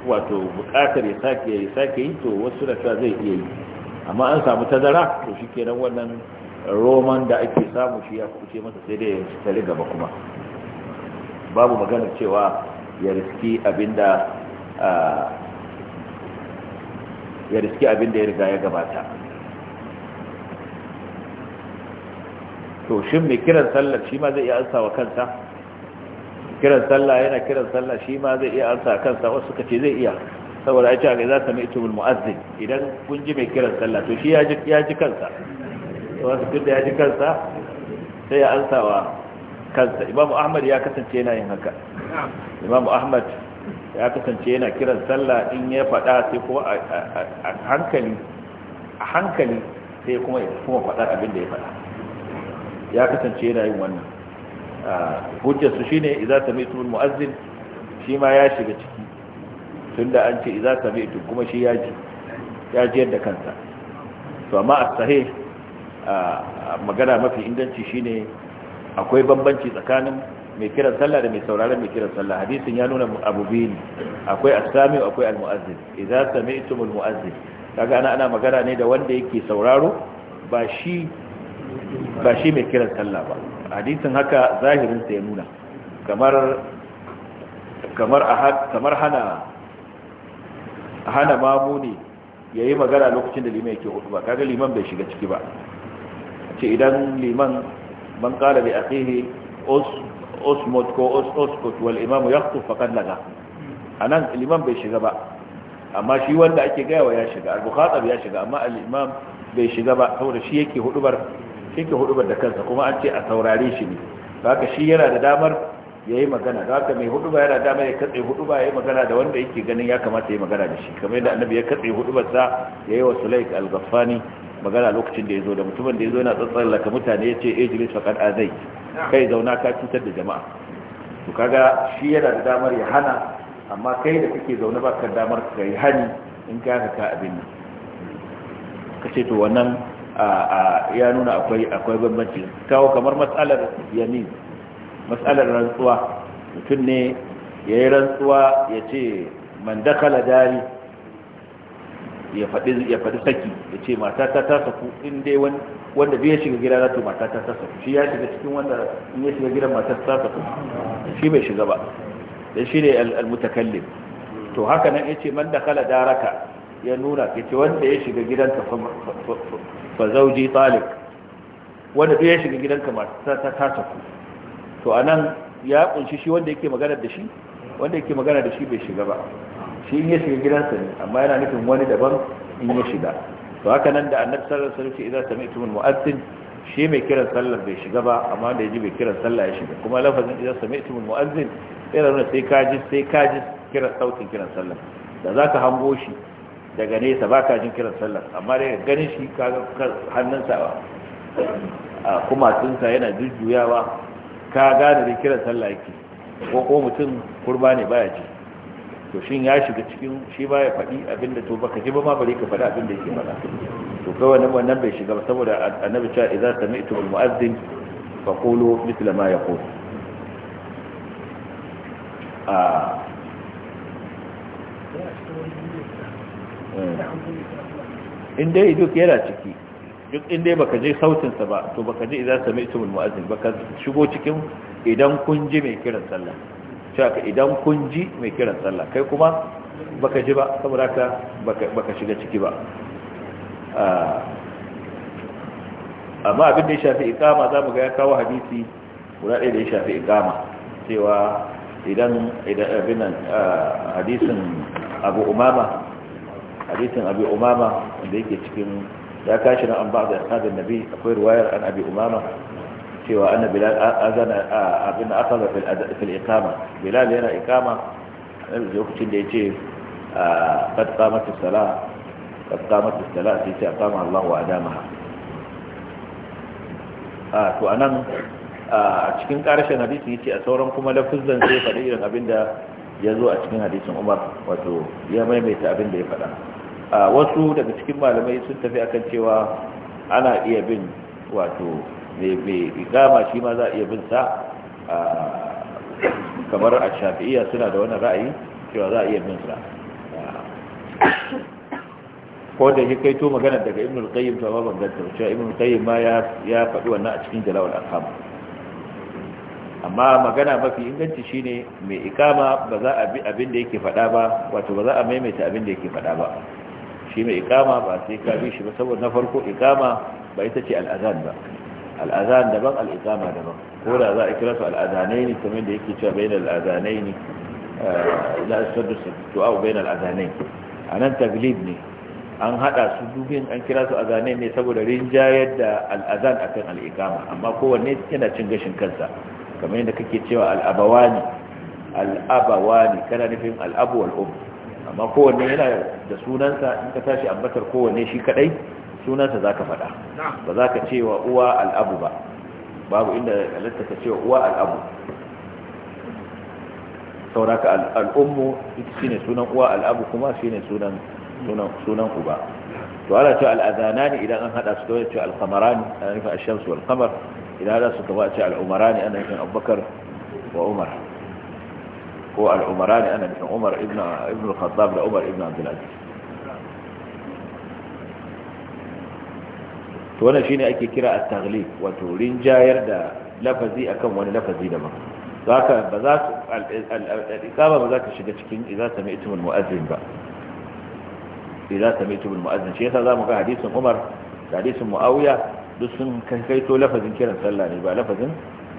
wato buƙatar ya sake ya sake yi to wasu da zai iya yi amma an samu tazara to shi kenan wannan roman da ake samu shi ya kuce masa sai dai ya tare gaba kuma babu maganar cewa ya riski abinda ya riski abinda ya riga ya gabata to shi mai kiran sallar shi ma zai iya ansa wa kansa kiran sallah yana kiran sallah shi ma zai iya ansa kansa wasu kace zai iya saboda ya ce a za sami itumul mu'azzin idan kun ji mai kiran sallah to shi ya ji kansa wasu tun da ya ji kansa sai ya ansa wa kansa imamu ahmad ya kasance yana yin haka imamu ahmad ya kasance yana kiran sallah in ya faɗa sai kuma a hankali a hankali sai kuma ya kuma faɗa abin da ya faɗa ya kasance yana yin wannan ah, hujjarsu shine idza sami itumul mu'azzin shi ma ya shiga ciki tunda an ce idza sami'tu kuma shi ya ji ya ji yadda kansa to amma a sahih magana mafi inganci shine akwai bambanci tsakanin mai kiran sallah da mai sauraron mai kiran sallah hadisin ya nuna abu biyu ne akwai as-sami akwai al-mu'azzin idza sami'tum al kaga ana ana magana ne da wanda yake sauraro ba shi ba shi mai kiran sallah ba hadisin haka zahirin sa ya nuna kamar kamar kamar hana hana mamuni ya yi magana lokacin da liman yake hudu ba kaga liman bai shiga ciki ba ce idan liman man kala bi akhihi osmot ko osmot wal imamu yakhtub faqad laga nan liman bai shiga ba amma shi wanda ake gayawa ya shiga al-bukhatab ya shiga amma al'imam bai shiga ba saboda shi yake hudubar da kansa kuma an ce a saurare shi ne haka shi yana da damar ya yi magana da haka mai hudu ba yana dama ya katse hudu ba ya yi magana da wanda yake ganin ya kamata ya yi magana da shi kamar yadda annabi ya katse hudu ba sa ya yi wa sulaik al-ghaffani magana lokacin da ya zo da mutumin da ya zo yana tsatsar laka mutane ya ce ejlis faqad zai kai zauna ka cutar da jama'a to kaga shi yana da damar ya hana amma kai da kake zaune ba ka damar ka yi hani in ka haka ka abin nan kace to wannan ya nuna akwai akwai bambanci kawo kamar matsalar yamin matsalar rantsuwa mutum ne ya yi rantsuwa ya ce man dakala dari ya faɗi saki ya ce matata ta saku inda wanda bai shiga gida na to matata ta saku shi ya shiga cikin wanda in ya shiga gidan matar ta saku shi bai shiga ba dan shi ne al-mutakallim to haka nan yace man dakala daraka ya nuna yace wanda ya shiga gidan gidanka fa zauji talik wanda duk ya shiga gidanka matar ta saku to a nan ya kunshi shi wanda yake magana da shi wanda yake magana da shi bai shiga ba shi in ya shiga gidansa ne amma yana nufin wani daban in ya shiga to haka nan da annabi sallallahu alaihi wasallam ce idan sami'tum mu'azzin shi mai kiran sallar bai shiga ba amma wanda yaji mai kiran sallah ya shiga kuma lafazin idan sami'tum mu'azzin yana nuna sai ji sai ji kiran sautin kiran sallar da zaka hango shi daga nesa baka jin kiran sallar amma dai ganin shi kaga hannunsa kuma tunsa yana jujjuyawa ka gane da kiran sallah yake ko ko mutum kurba ne baya ji to shin ya shiga cikin shi ba ya faɗi abinda to baka ji ba ma bare ka faɗi abinda yake faɗa to kai wannan wannan bai shiga ba saboda annabi cewa idza sami'tu al mu'azzin fa qulu mithla ma yaqul a ah. eh. in dai duk yana ciki duk inda baka je sautinsa ba to baka je idan sami tumul mu'azzin baka shigo cikin idan kun ji mai kiran sallah cewa idan kun ji mai kiran sallah kai kuma baka ji ba saboda ka baka shiga ciki ba ah, amma abin da ya shafi iqama za mu ga ya kawo hadisi guda ɗaya da ya shafi iqama cewa idan abin nan ah, hadisin abu umama hadisin abu umama da yake cikin ya tashi na an ba da asnadin nabi akwai ruwayar an abi umama cewa anna bilal azana abin da aka zafi fil ikama bilal yana ikama iqama lokacin da ya ce qamat as-salah qad qamat as-salah sai ce aqama Allah wa adamaha a to anan a cikin karshen hadisi ya ce a sauran kuma lafuzan sai faɗi irin abin da ya zo a cikin hadisin Umar wato ya maimaita abin da ya faɗa wasu daga cikin malamai sun tafi akan cewa ana iya bin wato mai igama shi ma za a iya bin sa kamar a shafi'iyya suna da wani ra'ayi cewa za a iya bin sa ko da shi kai to magana daga ibn al-qayyim to ban ganta cewa ibn al-qayyim ma ya ya faɗi wannan a cikin al arham amma magana mafi inganci shine mai ikama ba za a bi abin da yake faɗa ba wato ba za a maimaita abin da yake faɗa ba shi mai ikama ba sai ka bi shi ba saboda na farko ikama ba ita ce al'azan ba al'azan daban al'ikama daban ko da za a kira su al'azanai ne kamar da yake cewa bayan al'azanai ne eh, la asaddu du'a bayan al'azanai anan taglib ne an hada su dubin an kira su azanai ne saboda rinjayar da al'azan akan al'ikama amma kowanne yana cin gashin kansa kamar yadda kake cewa al'abawani al'abawani kana nufin al'abu wal amma kowanne yana da sunansa in ka tashi ambatar kowanne shi kadai sunansa za ka faɗa ba za ka ce wa uwa al'abu ba babu inda halatta ka ce wa uwa al'abu sauraka al'ummu shi ne sunan uwa al'abu kuma shi ne sunan uba to ana ce al'azanani idan an haɗa su kawai ce al'amarani ana nufin ashamsu al'amar idan haɗa su kawai ce al'umarani ana nufin abubakar wa umar هو العمراني أنا ابن عمر ابن, ابن الخطاب لعمر ابن عبد العزيز وانا شيني اكي كرا التغليب وتولين جاير دا لفزي اكم واني لفزي لما ذاك بذاك الإقامة بذاك الشيء إذا سمعتم المؤذن بقى إذا سمعتم المؤذن شيء هذا مقا حديث عمر حديث معاوية دسن كيتو لفزي كرا سلاني بقى لفزي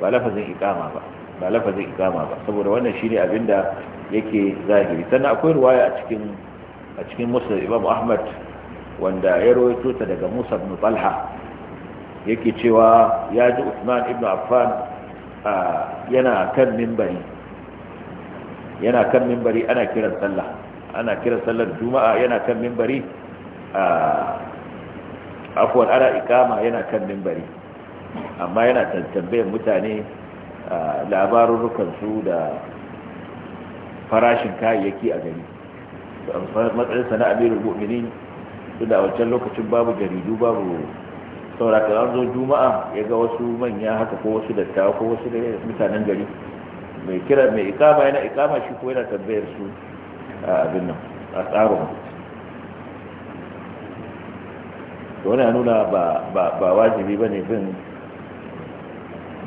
بقى لفزي إقامة بقى ba lafazin ikama ba saboda wannan shine abin da yake zahiri sannan akwai ruwaya a cikin a cikin musul imam ahmad wanda ya rawaito ta daga musa ibn talha yake cewa ya ji usman ibn affan yana kan mimbari yana kan ana kiran sallah ana kiran sallar juma'a yana kan minbari afwan ana ikama yana kan mimbari amma yana tambayar mutane su da farashin kayayyaki a gari sana'a biyu da mu'minin su da wancan lokacin babu jaridu babu sauraka an zo juma'a ya ga wasu manya haka ko wasu dattawa ko wasu da mutanen gari mai kira mai ikama yana ikama shi ko yana tambayar su a abin nan a tsarin wani nuna ba wajibi ba ne bin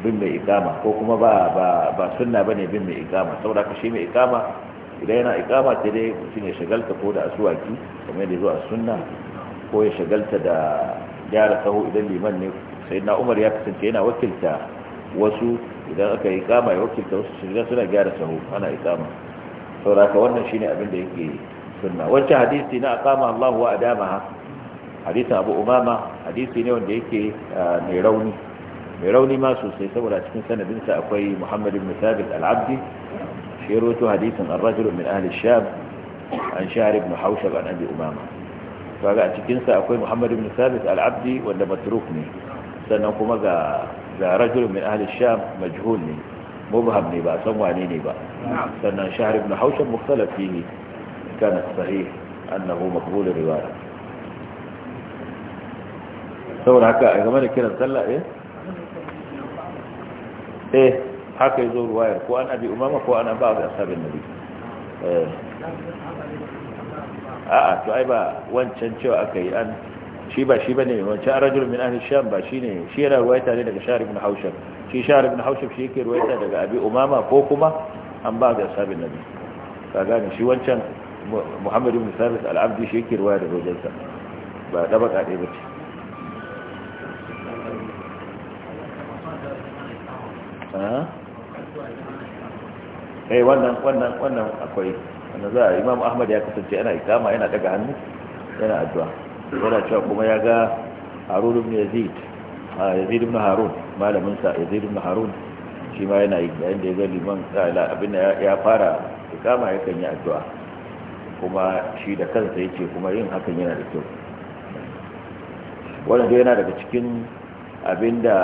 bin mai ikama ko kuma ba ba ba sunna bane bin mai ikama saboda ka shi mai ikama idan yana ikama ta dai mutum ya shagalta ko da asuwaki kamar da zuwa sunna ko ya shagalta da gyara sahu idan liman ne sai na umar ya kasance yana wakilta wasu idan aka yi ikama ya wakilta wasu shiga suna gyara sahu ana ikama saboda ka wannan shine abin da yake sunna wancan hadisi na akama Allah wa adama hadisi Abu Umama hadisi ne wanda yake ah, mai rauni mai rauni ma sosai saboda cikin sanadinsa akwai muhammad ibn sabit al-abdi shi roto hadisin ar-rajul min ahli sham an shahar ibn hawshab an abi umama kaga a cikinsa akwai muhammad ibn sabit al-abdi wanda matruk ne sannan kuma ga ga rajul min ahli sham majhul ne mubham ne ba san wane ne ba sannan shahr ibn hawshab mukhtalaf fihi kana sahih annahu maqbul riwayah saboda haka game da kiran sallah eh eh haka yazo ruwaya, ko an abi umama ko an ba da ashabin nabi eh a'a to ai ba wancan cewa aka yi an shi ba shi bane wancan rajul min ahli sham ba shine shi yana ruwaya ne daga shahr ibn haushab shi shahr ibn haushab shi yake ruwaita daga abi umama ko kuma an ba da ashabin nabi ka ne shi wancan muhammad ibn sabit al-abdi shi yake ruwaya daga wajensa ba dabaka ɗaya bace eh wannan wannan wannan akwai wannan za a imam ahmad ya kasance yana ikama yana daga hannu yana addu'a yana cewa kuma ya ga harun ibn yazid yazid ibn harun malamin sa yazid ibn harun shi ma yana yi yayin da ya ga liman tsala abin da ya fara ikama yakan yi addu'a kuma shi da kansa yake kuma yin hakan yana da kyau wannan dai yana daga cikin abinda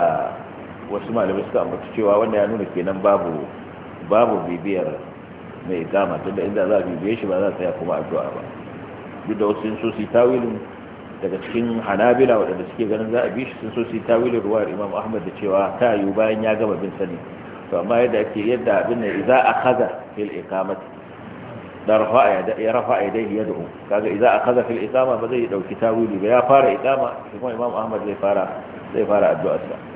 wasu malamai suka ambata cewa wanda ya nuna kenan babu babu bibiyar mai ikama tunda inda za a bibiye shi ba za a tsaya kuma addu'a ba duk da wasu sun so su tawilin daga cikin hanabila waɗanda suke ganin za a bi shi sun so su tawilin ruwayar imam ahmad da cewa ta yiwu bayan ya gama bin sani to amma yadda ake yadda abin za a kaza fil ikama da rafa'a ya rafa'a da um kaga a kaza fil ikama ba zai dauki tawili ba ya fara iqama kuma imam ahmad zai fara zai fara addu'arsa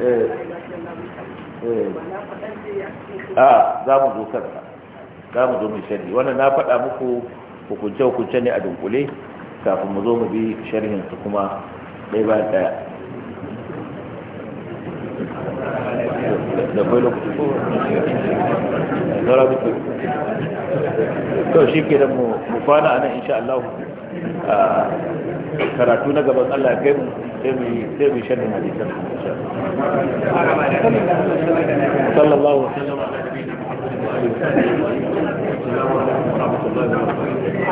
Eh. Eh. a ah, za mu zo kansa za mu zo mu sharhi wannan na faɗa muku hukunce-hukunce ne a dunkule kafin mu zo mu bi sharhin su kuma dai ba ɗaya da kwai lokaci ko shi ke da mu kwana a nan insha Allah karatu na gaban Allah kai mu sai mu sai mu sharhi hadisan sallallahu alaihi wa sallam